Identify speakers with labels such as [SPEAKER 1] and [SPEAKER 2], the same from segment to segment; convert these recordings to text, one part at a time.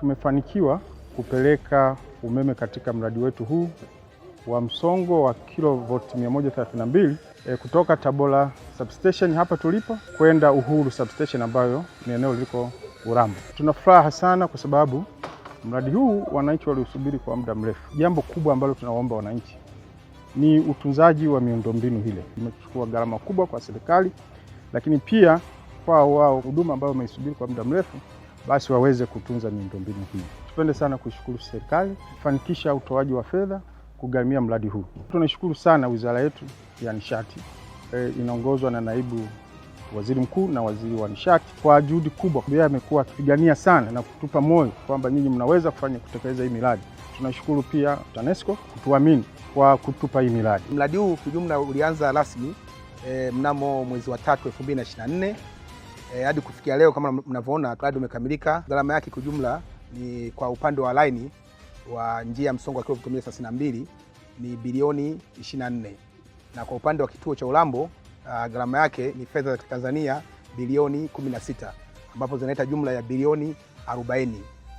[SPEAKER 1] Tumefanikiwa kupeleka umeme katika mradi wetu huu wa msongo wa kilovoti 132 e, kutoka Tabora substation hapa tulipo kwenda Uhuru substation ambayo ni eneo liko Urambo. Tuna furaha sana kwa sababu mradi huu wananchi waliusubiri kwa muda mrefu. Jambo kubwa ambalo tunawaomba wananchi ni utunzaji wa miundombinu hile. Imechukua gharama kubwa kwa serikali, lakini pia kwa wao huduma ambayo wameisubiri kwa muda mrefu basi waweze kutunza miundombinu hii. Tupende sana kuishukuru serikali kufanikisha utoaji wa fedha kugharamia mradi huu. Tunashukuru sana wizara yetu ya nishati e, inaongozwa na naibu waziri mkuu na waziri wa nishati kwa juhudi kubwa. Yeye amekuwa akipigania sana na kutupa moyo kwamba nyinyi mnaweza kufanya kutekeleza hii miradi. Tunashukuru pia TANESCO kutuamini kwa kutupa hii miradi.
[SPEAKER 2] Mradi huu kijumla ulianza rasmi e, mnamo mwezi wa tatu 2024. E, hadi kufikia leo kama mnavyoona mradi umekamilika. Gharama yake kwa jumla ni kwa upande wa laini wa njia ya msongo wa kilomita 32 ni bilioni 24, na kwa upande wa kituo cha Urambo ah, gharama yake ni fedha za Tanzania bilioni 16, ambapo zinaleta jumla ya bilioni 40,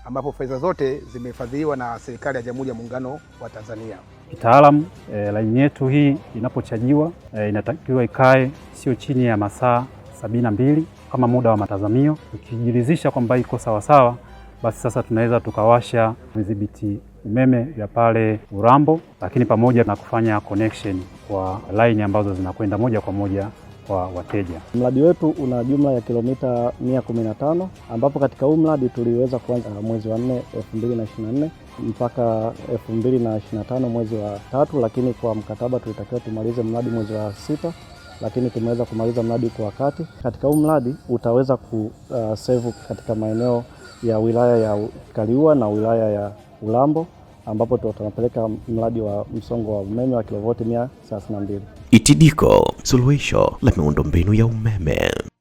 [SPEAKER 2] ambapo fedha zote zimefadhiliwa na serikali ya Jamhuri ya Muungano wa Tanzania.
[SPEAKER 1] Kitaalam e, eh, laini yetu hii inapochajiwa e, inatakiwa ikae sio chini ya masaa 72 kama muda wa matazamio. Ukijiridhisha kwamba iko sawasawa, basi sasa tunaweza tukawasha vidhibiti umeme vya pale Urambo, lakini pamoja na kufanya connection kwa laini ambazo zinakwenda moja kwa moja kwa wateja.
[SPEAKER 3] Mradi wetu una jumla ya kilomita 115 ambapo katika huu mradi tuliweza kuanza mwezi wa 4 2024 mpaka 2025 mwezi wa tatu, lakini kwa mkataba tulitakiwa tumalize mradi mwezi wa sita lakini tumeweza kumaliza mradi kwa wakati. Katika huu mradi utaweza kusevu uh, katika maeneo ya wilaya ya Kaliua na wilaya ya ulambo ambapo tunapeleka mradi wa msongo wa umeme wa kilovoti 132. itidiko suluhisho la miundombinu ya umeme.